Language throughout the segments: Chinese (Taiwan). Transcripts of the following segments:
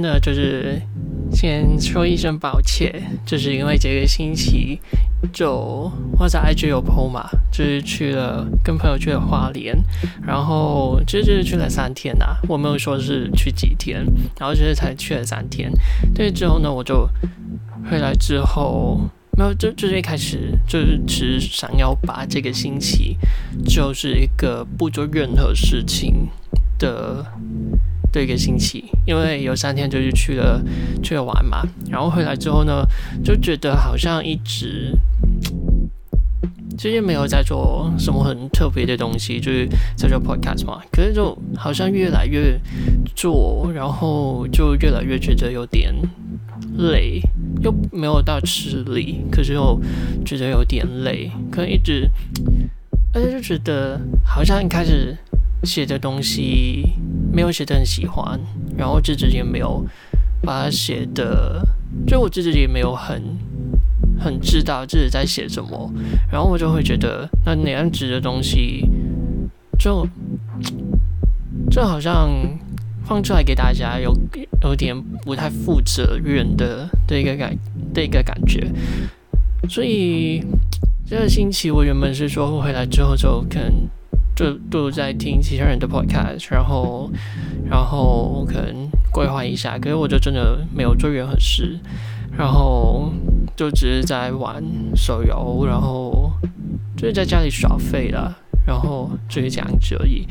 那就是先說一聲抱歉，就是因為這個星期就我在 IG 有 PO 嘛，就是去了跟朋友去了花蓮，然後就是去了三天吶、啊，我沒有說是去幾天，然後就是才去了三天。對，之後呢，我就回來之後，沒有就就是一開始就是只想要把這個星期就是一個不做任何事情的。對一個星期，因為有三天就是去了去了玩嘛，然後回來之後呢，就覺得好像一直最近沒有在做什麼很特別的東西，就是在做 podcast 嘛。可是就好像越來越做，然後就越來越覺得有點累，又沒有到吃力，可是又覺得有點累。可能一直大家就覺得好像一開始寫的東西。沒有寫的很喜歡，然後我自己也沒有把它寫的，就我自己也沒有很很知道自己在寫什麼，然後我就會覺得那那樣子的東西就，就就好像放出來給大家有有點不太負責任的的一個感的一個感覺，所以這個星期我原本是說回來之後就可能。就都在聽其他人的 podcast，然後，然後我可能規劃一下，可是我就真的沒有做任何事，然後就只是在玩手遊，然後就是在家裡耍廢了，然後就是這樣子而已。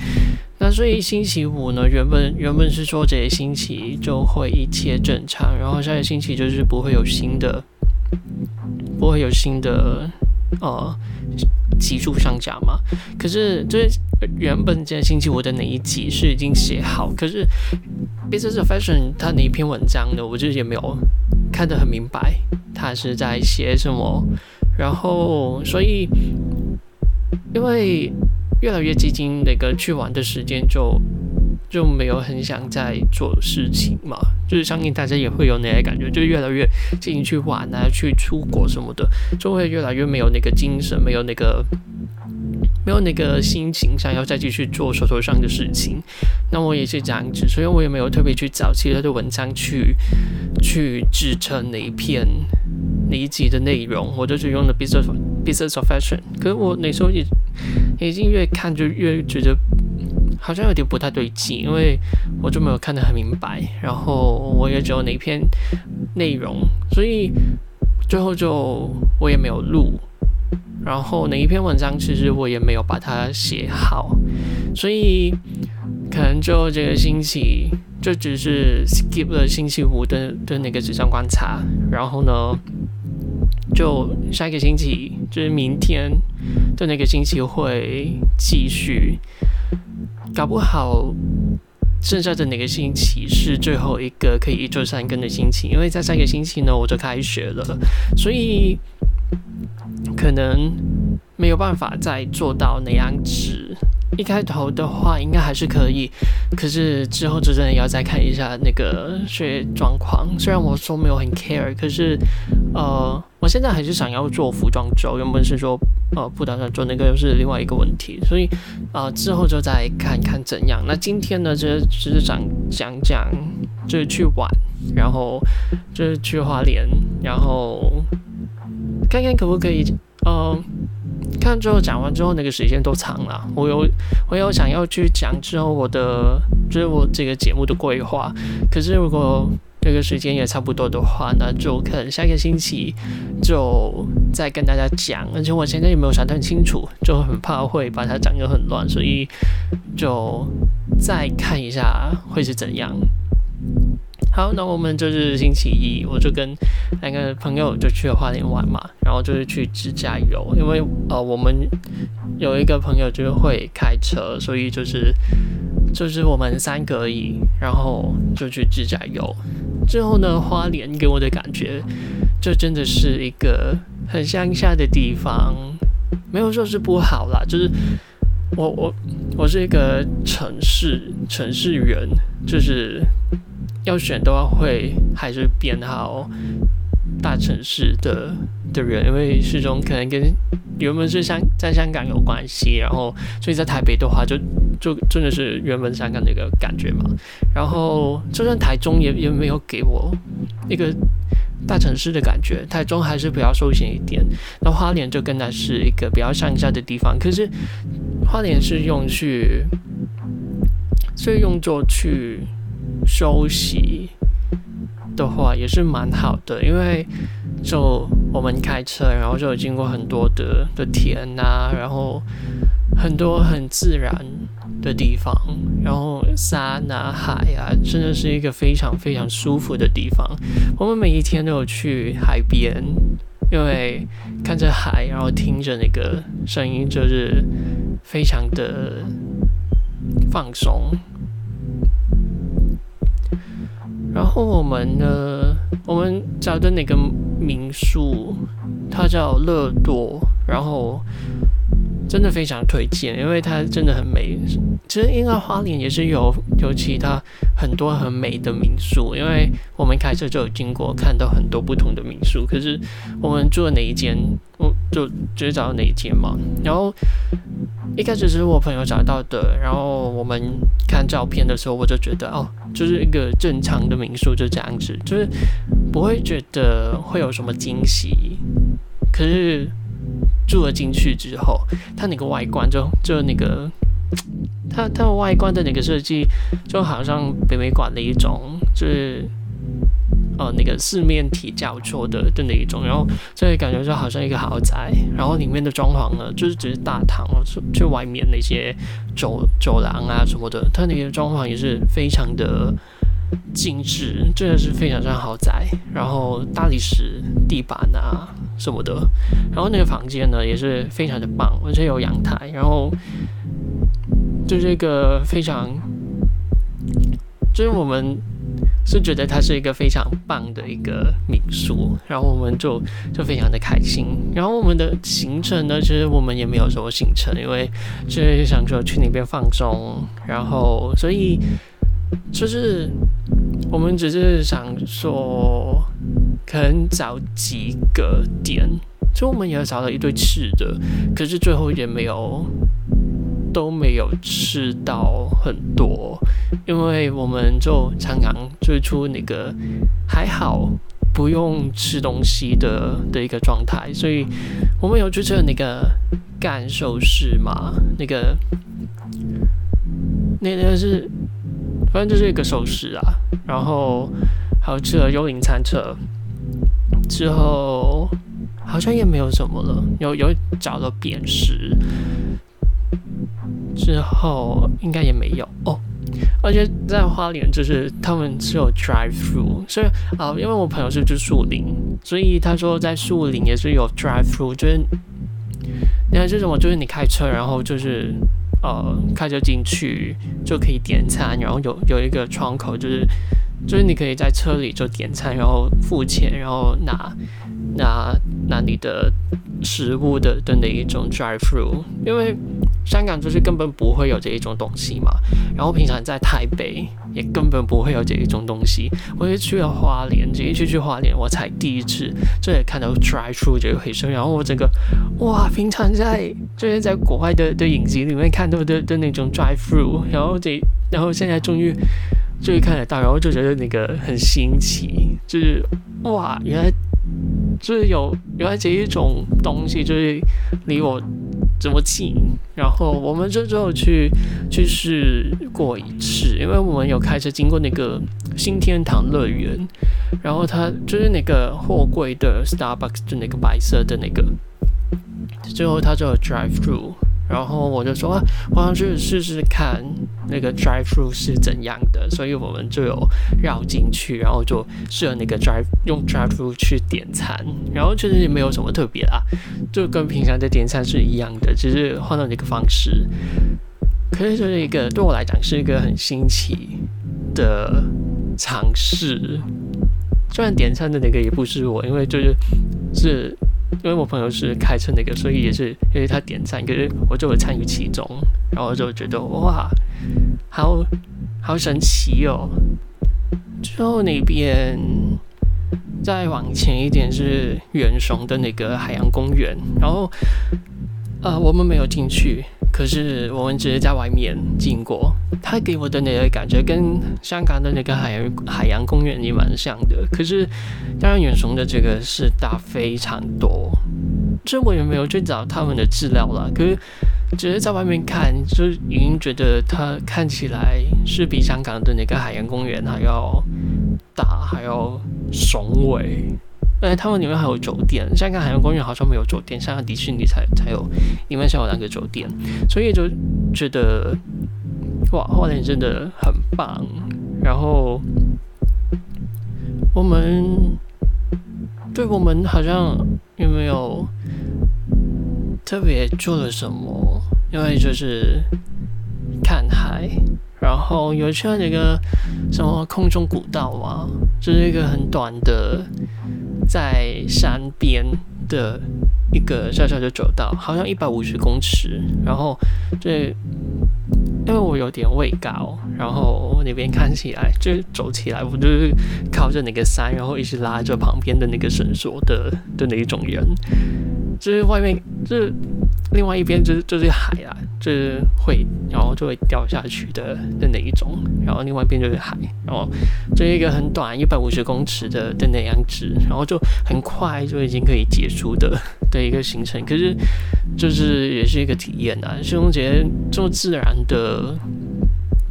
那所以星期五呢，原本原本是說這些星期就會一切正常，然後下個星期就是不會有新的，不會有新的，哦、呃。集數上架嘛，可是這原本今天星期五的那一集是已經寫好，可是《Business of Fashion》它那一篇文章的，我就也沒有看得很明白，它是在寫什麼，然後所以因為越來越接近那個去玩的時間就。就沒有很想再做事情嘛，就是相信大家也會有那些感覺，就越來越進去玩啊，去出國什麼的，就會越來越沒有那個精神，沒有那個沒有那個心情，想要再繼續做手頭上的事情。那我也是這樣子，所以我也沒有特別去找其他的文章去去支撐那一篇那一集的內容，我都是用的《Business, Business of Fashion》，可是我那時候也已經越看就越覺得。好像有點不太對勁，因為我就沒有看得很明白，然後我也只有那一篇內容，所以最後就我也沒有錄，然後哪一篇文章其實我也沒有把它寫好，所以可能就這個星期就只是 skip 了星期五的的那個紙上觀察，然後呢，就下一個星期就是明天的那個星期會繼續。搞不好，剩下的哪個星期是最後一個可以一周三更的星期？因為在上個星期呢，我就開學了，所以可能沒有辦法再做到那樣子。一開頭的話，應該還是可以，可是之後就真的要再看一下那個學業狀況。雖然我說沒有很 care，可是，呃。我現在還是想要做服裝周，原本是說，呃，不打算做那個又是另外一個問題，所以，呃，之後就再看看怎樣。那今天呢，就只、是就是想講講，就是去玩，然後就是去花蓮，然後看看可不可以，呃，看最後講完之後那個時間都長了。我有我有想要去講之後我的，就是我這個節目的規劃，可是如果。這個時間也差不多的話，那就可能下個星期就再跟大家講。而且我現在也沒有想得很清楚，就很怕會把它講得很亂，所以就再看一下會是怎樣。好，那我們就是星期一，我就跟兩個朋友就去了花蓮玩嘛，然後就是去自駕遊，因為呃我們有一個朋友就是會開車，所以就是就是我們三個而已，然後就去自駕遊。最後呢，花蓮給我的感覺，這真的是一個很鄉下的地方，沒有說是不好啦，就是我我我是一個城市城市人，就是要選的話會還是偏好大城市的的人，因為始終可能跟原本是香在香港有關係，然後所以在台北的話就，就就真的是原本香港的一個感覺嘛。然後就算台中也也沒有給我一個大城市的感覺，台中還是比較休閒一點。那花蓮就更加是一個比較鄉下的地方，可是花蓮是用去，所以用作去休息的話也是蠻好的，因為。就我們開車，然後就有經過很多的的田吶、啊，然後很多很自然的地方，然後山吶、啊，海啊，真的是一個非常非常舒服的地方。我們每一天都有去海邊，因為看着海，然後聽着那個聲音，就是非常的放鬆。然後我們呢，我們找的那個民宿，它叫樂多。然後真的非常推薦，因為它真的很美。其實應該花蓮也是有，有其他很多很美的民宿，因為我們開車就有經過，看到很多不同的民宿。可是我們住的哪一間，我就直接找到哪一間嘛。然後。一開始是我朋友找到的，然後我們看照片的時候，我就覺得哦，就是一個正常的民宿，就這樣子，就是不會覺得會有什麼驚喜。可是住了進去之後，它那個外觀就就那個，它它外觀的那個設計，就好像北美館的一種，就是。呃，那個四面體交錯的就那一種，然後這裡感覺就好像一個豪宅，然後裡面的裝潢呢，就是只是大堂啊，就外面那些走走廊啊什麼的，它那個裝潢也是非常的精緻，真的是非常像豪宅，然後大理石地板啊什麼的，然後那個房間呢也是非常的棒，而且有陽台，然後就這個非常，就是我們。是覺得它是一個非常棒的一個民宿，然後我們就就非常的開心。然後我們的行程呢，其實我們也沒有說行程，因為就是想說去那邊放鬆，然後所以就是我們只是想說，可能找幾個點，就我們也要找到一堆吃的，可是最後也沒有。都沒有吃到很多，因為我們就常常最初那個還好不用吃東西的的一個狀態，所以我們有去吃那個乾壽司嘛，那個那個是反正就是一個壽司啊，然後還有吃了幽靈餐車之後，好像也沒有什麼了，有有找到扁食。之後應該也沒有哦，而且在花蓮就是他們是有 drive through，所以啊，因為我朋友是住樹林，所以他說在樹林也是有 drive through，就是你看這種就是你開車然後就是呃開車進去就可以點餐，然後有有一個窗口就是就是你可以在車裡就點餐，然後付錢，然後拿拿拿你的食物的的那一種 drive through，因為。香港就是根本不會有這一種東西嘛，然後平常在台北也根本不會有這一種東西，我就去了花蓮，就一去去花蓮我才第一次，這也看到 drive through 就很深，然後我整個，哇，平常在就是在國外的的影集裡面看到的的、的那種 drive through，然後這然後現在終於終於看得到，然後就覺得那個很新奇，就是哇，原來就是有原來這一種東西就是離我。怎麼近？然後我們這之後去去試過一次，因為我們有開車經過那個新天堂樂園，然後它就是那個貨櫃的 Starbucks，就那個白色的那個，最後它就有 Drive Through。然後我就說啊，我想去試試看那個 drive thru 是怎樣的，所以我們就有繞進去，然後就試了那個 drive 用 drive thru 去點餐，然後其實也沒有什麼特別啦，就跟平常在點餐是一樣的，只是換到那個方式。可是就是一個對我來講是一個很新奇的嘗試，雖然點餐的那個也不是我，因為就是是。因為我朋友是開車那個，所以也是因為他點贊，可是我就會參與其中，然後就覺得哇，好好神奇哦。之後那邊再往前一點是遠雄的那個海洋公園，然後呃我們沒有進去。可是我們只是在外面經過，它給我的那個感覺跟香港的那個海洋海洋公園也蠻像的。可是當然，遠雄的這個是大非常多，這我也沒有去找他們的資料啦。可是只是在外面看，就已經覺得它看起來是比香港的那個海洋公園還要大，還要雄偉。哎，他們裡面還有酒店，像那個海洋公園好像沒有酒店，像那個迪士尼才才有，裡面才有兩個酒店，所以就覺得哇，花蓮真的很棒。然後我們對，我們好像也沒有特別做了什麼？因為就是看海，然後有一圈那個什麼空中古道啊，就是一個很短的。在山邊的一個小小的走道，好像一百五十公尺。然後這因為我有點畏高，然後那邊看起來就走起來，我就是靠着那個山，然後一直拉着旁邊的那個繩索的的那一種人，就是外面就是另外一邊就是就是海啊。就會，然後就會掉下去的的那一種，然後另外一邊就是海，然後這一個很短一百五十公尺的的那樣子，然後就很快就已經可以結束的的一個行程。可是就是也是一個體驗吶，旭東姐這麼自然的，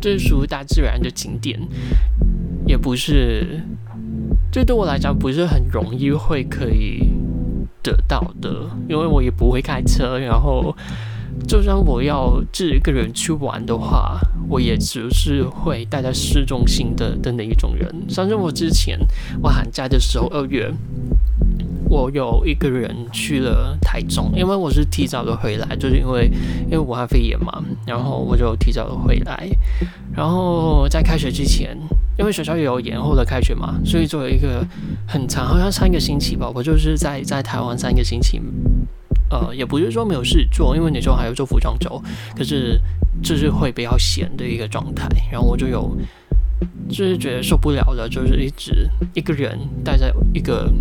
這是屬於大自然的景點，也不是這對我來講不是很容易會可以得到的，因為我也不會開車，然後。就算我要自己一個人去玩的話，我也只是會待在市中心的的那一種人。像是我之前，我寒假的時候二月，我有一個人去了台中，因為我是提早的回來，就是因為因為武漢肺炎嘛，然後我就提早的回來。然後在開學之前，因為學校也有延後的開學嘛，所以做了一個很長，好像三個星期吧，我就是在在台灣三個星期。呃，也不是說沒有事做，因為那時候還要做服裝週，可是就是會比較閒的一個狀態。然後我就有就是覺得受不了了，就是一直一個人待在一個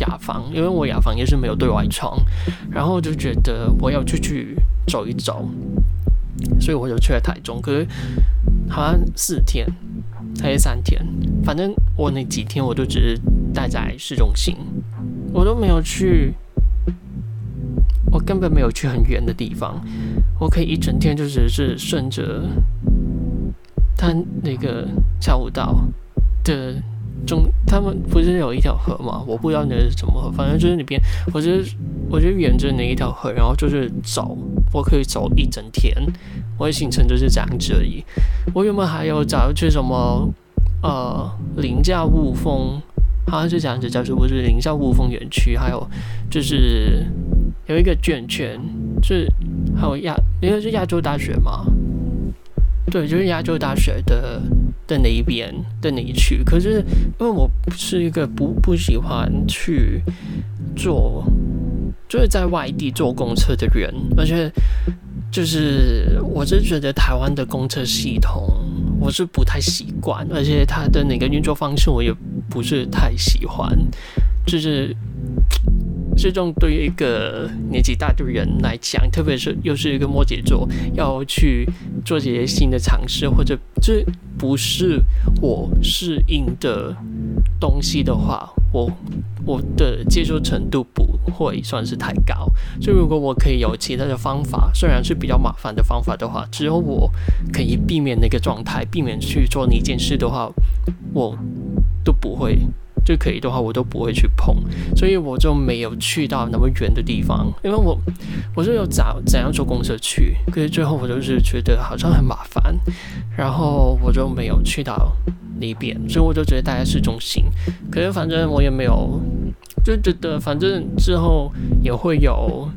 雅房，因為我雅房也是沒有對外窗。然後就覺得我要出去走一走，所以我就去了台中。可是好像四天還是三天，反正我那幾天我就只是待在市中心，我都沒有去。我根本沒有去很遠的地方，我可以一整天就只是順着，它那個下午道的中，他們不是有一條河嗎？我不知道那是什麼河，反正就是那邊，我就是、我就沿着那一條河，然後就是走，我可以走一整天，我的行程就是這樣子而已。我原本還有想要去什麼，呃，凌駕霧峰，好、啊、像是這樣子，講着不是凌駕霧峰園區，還有就是。有一個圈圈，就是，還有亞，因為是亞洲大學嘛？對，就是亞洲大學的的那一邊的那一區。可是因為我不是一個不不喜歡去坐，就是在外地坐公車的人，而且就是我是覺得台灣的公車系統我是不太習慣，而且它的那個運作方式我也不是太喜歡，就是。最終對於一個年紀大的人來講，特別是又是一個摩羯座，要去做一些新的嘗試，或者這、就是、不是我適應的東西的話，我我的接受程度不會算是太高。所以如果我可以有其他的方法，雖然是比較麻煩的方法的話，只要我可以避免那個狀態，避免去做那一件事的話，我都不會。就可以的話，我都不會去碰，所以我就沒有去到那麼遠的地方，因為我我就有找怎樣坐公車去，可是最後我就是覺得好像很麻煩，然後我就沒有去到那邊，所以我就直接待在市中心，可是反正我也沒有，就覺得反正之後也會有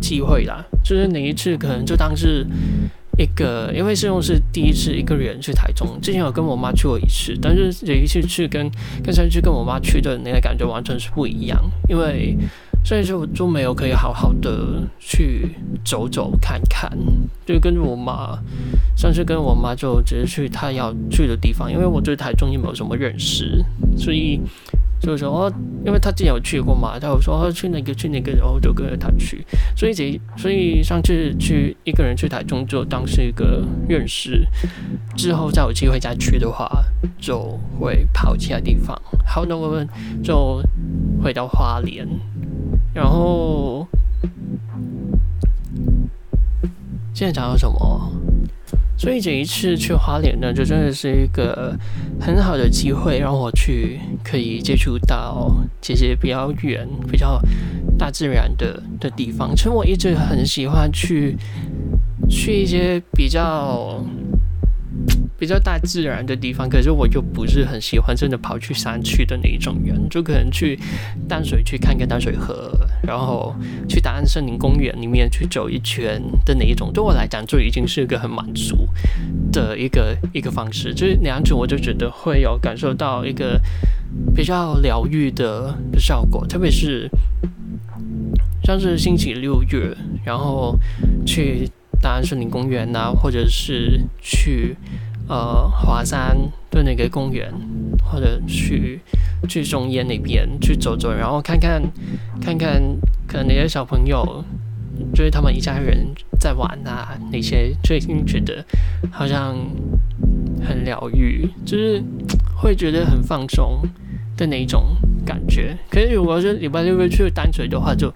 機會啦，就是哪一次可能就當是。一個，因為是用是第一次一個人去台中，之前有跟我媽去過一次，但是有一次去跟，跟上次跟我媽去的那個感覺完全是不一樣，因為所以就就沒有可以好好的去走走看看，就跟着我媽，上次跟我媽就直接去她要去的地方，因為我對台中也沒有什麼認識，所以。就是說，哦，因為他之前有去過嘛，他有說，他、哦、去那個，去那個，然、哦、後就跟着他去。所以，所以上次去，去一個人去台中，就當是一個認識。之後再有機會再去的話，就會跑其他地方。好，那我們就回到花蓮，然後現在講到什麼？所以這一次去花蓮呢，就真的是一個很好的機會，讓我去可以接觸到這些比較遠、比較大自然的的地方。其實我一直很喜歡去去一些比較比較大自然的地方，可是我就不是很喜歡真的跑去山區的那一種人，就可能去淡水去看個淡水河。然後去大安森林公園裡面去走一圈的哪一種，對我來講就已經是一個很滿足的，一個一個方式。這、就是、兩種我就覺得會有感受到一個比較療癒的效果，特別是像是星期六日，然後去大安森林公園吶、啊，或者是去呃華山。到哪個公園，或者去去中間那邊去走走，然後看看看看可能那些小朋友，就是他們一家人在玩啊，那些最近覺得好像很療癒，就是會覺得很放鬆的那種感覺。可是如果是禮拜六日去淡水的話，就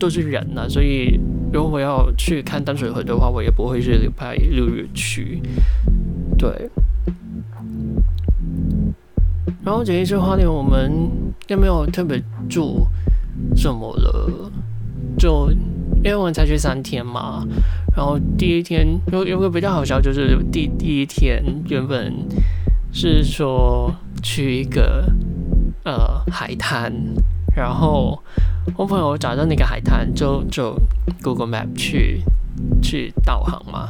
都是人了啊，所以如果我要去看淡水河的話，我也不會是禮拜六日去。對。然後這一次花蓮我們又沒有特別住什麼了，就因為我們才去三天嘛。然後第一天有有個比較好笑，就是第第一天原本是說去一個呃海灘，然後我朋友找到那個海灘就就 Google Map 去。去導航嘛，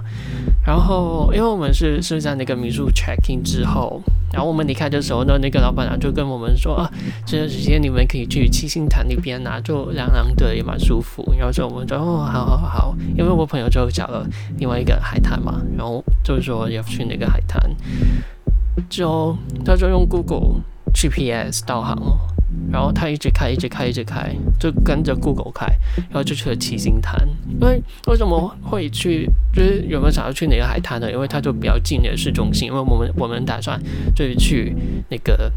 然後因為我們是是在那個民宿 check in 之後，然後我們離開的時候呢，那，那個老闆娘就跟我們說啊，這段時間你們可以去七星潭那邊拿，啊，就涼涼的也蠻舒服。然後說我們說哦，好好好，因為我朋友就找了另外一個海灘嘛，然後就說要去那個海灘，就他就用 Google GPS 導航。然後他一直開，一直開，一直開，就跟着 Google 開，然後就去了七星潭。因為為什麼會去，就是有沒有想要去哪個海灘呢？因為它就比較近的市中心。因為我們我們打算就是去那個。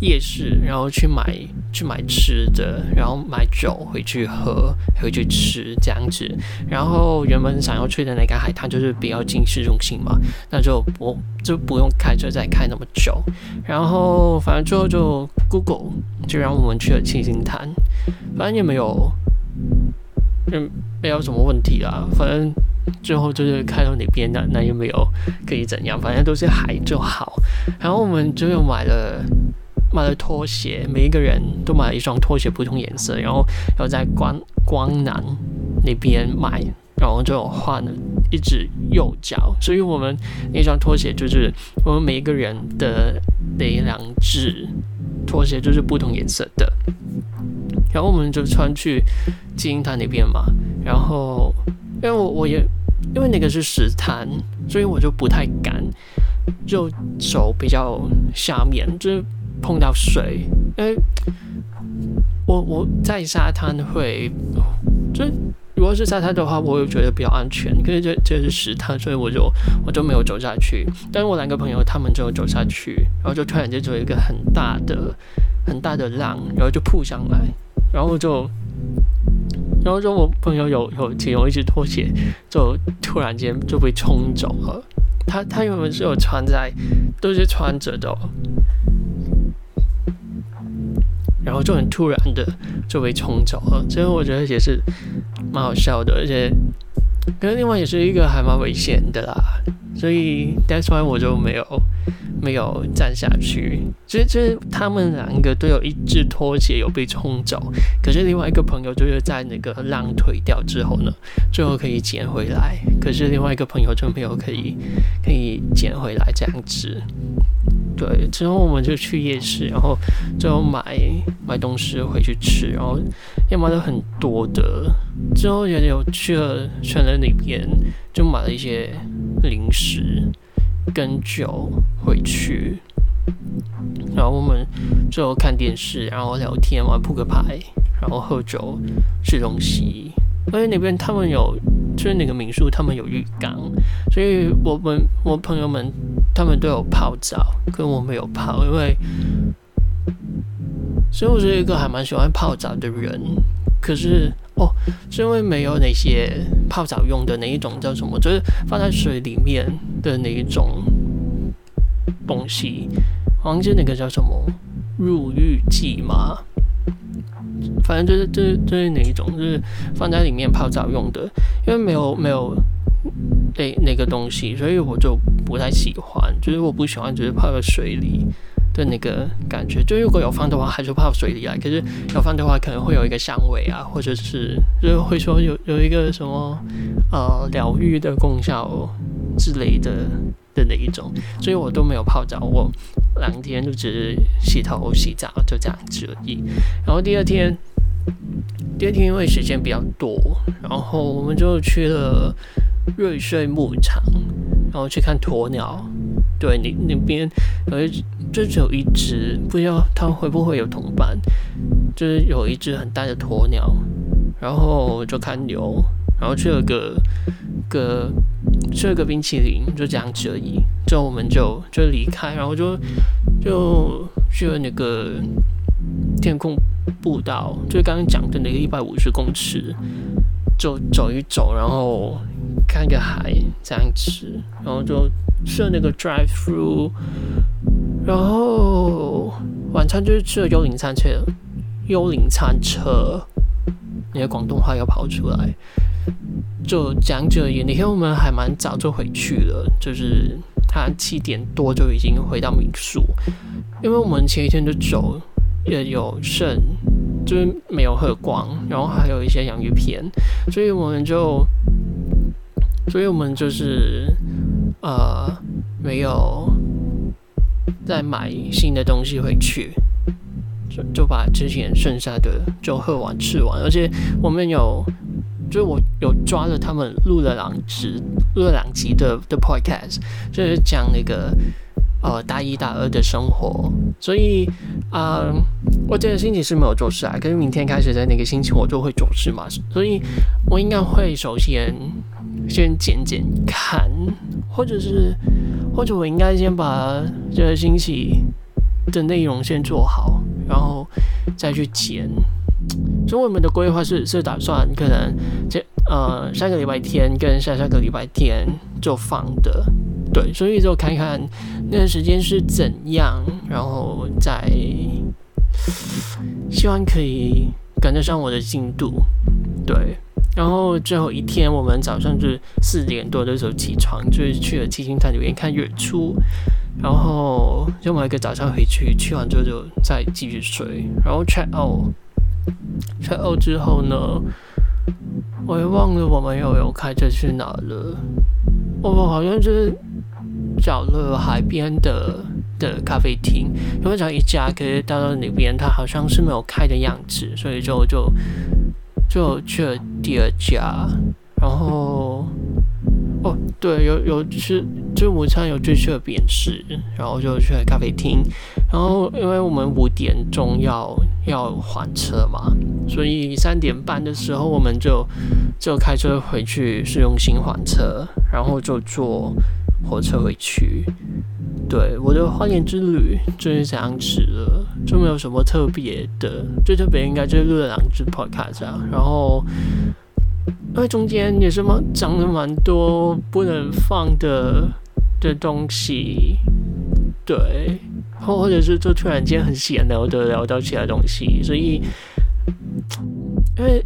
夜市，然後去買去買吃的，然後買酒回去喝，回去吃這樣子。然後原本想要去的那個海灘就是比較近市中心嘛，那就不就不用開車再開那麼久。然後反正最後就 Google 就讓我們去了七星潭，反正也沒有，嗯，沒有什麼問題啦、啊。反正最後就是開到那邊的，那又沒有可以怎樣，反正都是海就好。然後我們就又買了。買了拖鞋，每一個人都買了一雙拖鞋，不同顏色，然後然後在關關南那邊買，然後就換了一隻右腳，所以我們那雙拖鞋就是我們每一個人的那兩隻拖鞋就是不同顏色的，然後我們就穿去金銀潭那邊嘛，然後因為我我也因為那個是石灘，所以我就不太敢，就走比較下面就。碰到水，因、欸、為我我在沙灘會，就如果是沙灘的話，我會覺得比較安全。可是這這是石灘，所以我就我就沒有走下去。但是我兩個朋友他們就走下去，然後就突然間就有一個很大的很大的浪，然後就撲上來，然後就然後就我朋友有有挺有一隻拖鞋，就突然間就被沖走了。他他原本是有穿在都是穿着的、喔。然後就很突然的就被沖走了，所以我覺得也是蠻好笑的，而且可是另外也是一個還蠻危險的啦，所以 that's why 我就沒有沒有站下去。這、就、這、是就是、他們兩個都有一隻拖鞋有被沖走，可是另外一個朋友就是在那個浪退掉之後呢，最後可以撿回來，可是另外一個朋友就沒有可以可以撿回來這樣子。對，之後我們就去夜市，然後就買買東西回去吃，然後要買了很多的。之後也有去了全聯那邊，就買了一些零食跟酒回去，然後我們就看電視，然後聊天，玩撲克牌，然後喝酒吃東西。而且那邊他們有。是那個民宿，他們有浴缸，所以我們我朋友們他們都有泡澡，可我沒有泡，因為，所以我是一個還蠻喜歡泡澡的人，可是哦，是因為沒有那些泡澡用的那一種叫什麼，就是放在水裡面的那一種東西，好像是那個叫什麼入浴劑嘛。反正就是、就是就是哪一種，就是放在裡面泡澡用的，因為沒有沒有那那個東西，所以我就不太喜歡。就是我不喜歡，只是泡在水裡的那個感覺。就如果有放的話，還是泡水裡啊。可是有放的話，可能會有一個香味啊，或者是就是會說有有一個什麼呃療癒的功效之類的。的那一種，所以我都沒有泡澡，我兩天就只是洗頭、洗澡，就這樣子而已。然後第二天，第二天因為時間比較多，然後我們就去了瑞穗牧場，然後去看鴕鳥。對，那那邊有一，就只有一隻，不知道它會不會有同伴，就是有一隻很大的鴕鳥，然後就看牛，然後去了個個。吃了個冰淇淋，就這樣子而已。之後我們就就離開，然後就就去了那個天空步道，就是剛剛講的那個一百五十公尺，就走一走，然後看個海這樣子。然後就吃了那個 drive through，然後晚餐就是吃了幽靈餐，餐車，幽靈餐車，你的廣東話要跑出來。就講起來也，那天我們還蠻早就回去了，就是他七點多就已經回到民宿，因為我們前一天的酒，也有剩，就是沒有喝光，然後還有一些洋芋片，所以我們就，所以我們就是呃沒有再買新的東西回去，就就把之前剩下的就喝完吃完，而且我們有。所以，我有抓着他們錄了兩集，錄了兩集的的 podcast，就是講那個呃大一大二的生活。所以，啊、呃，我這個星期是沒有做事啊，可是明天開始在那個星期我就會做事嘛。所以我應該會首先先剪剪看，或者是，或者我應該先把這個星期的內容先做好，然後再去剪。所以我們的規劃是是，是打算可能這呃下個禮拜天跟下下個禮拜天就放的，對，所以之後看看那段時間是怎樣，然後再希望可以趕得上我的進度，對。然後最後一天我們早上就是四點多的時候起床，就是去了七星潭裡面看日出，然後就買個早餐回去，吃完之後就再繼續睡，然後 check out。在歐洲之後呢，我也忘了我們有有開車去哪了。我、哦、們好像就是找了海邊的的咖啡廳，因為找一家，可是到了那邊，它好像是沒有開的樣子，所以就就就去了第二家，然後。對，有有吃就午餐有最特別的是，然後就去了咖啡廳，然後因為我們五點鐘要要還車嘛，所以三點半的時候我們就就開車回去市中心還車，然後就坐火車回去。對，我的花蓮之旅就是這樣子的，就沒有什麼特別的，最特別應該就是錄了兩支 podcast，、啊、然後。因為中間也是蠻長了蠻多不能放的的東西，對，或或者是就突然間很閒聊的，聊到其他東西，所以因為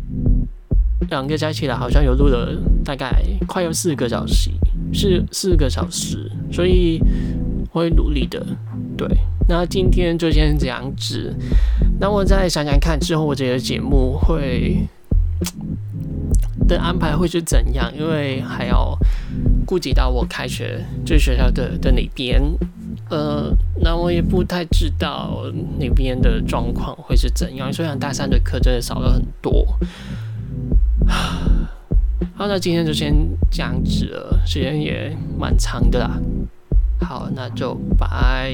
兩個加起來好像有錄了大概快要四個小時，是四個小時，所以我會努力的，對。那今天就先這樣子，那我再想想看之後我這個節目會。的安排會是怎樣？因為還要顧及到我開學就學校的的那邊，呃，那我也不太知道那邊的狀況會是怎樣。雖然大三的課真的少了很多啊，好，那今天就先這樣子了，時間也蠻長的啦。好，那就拜。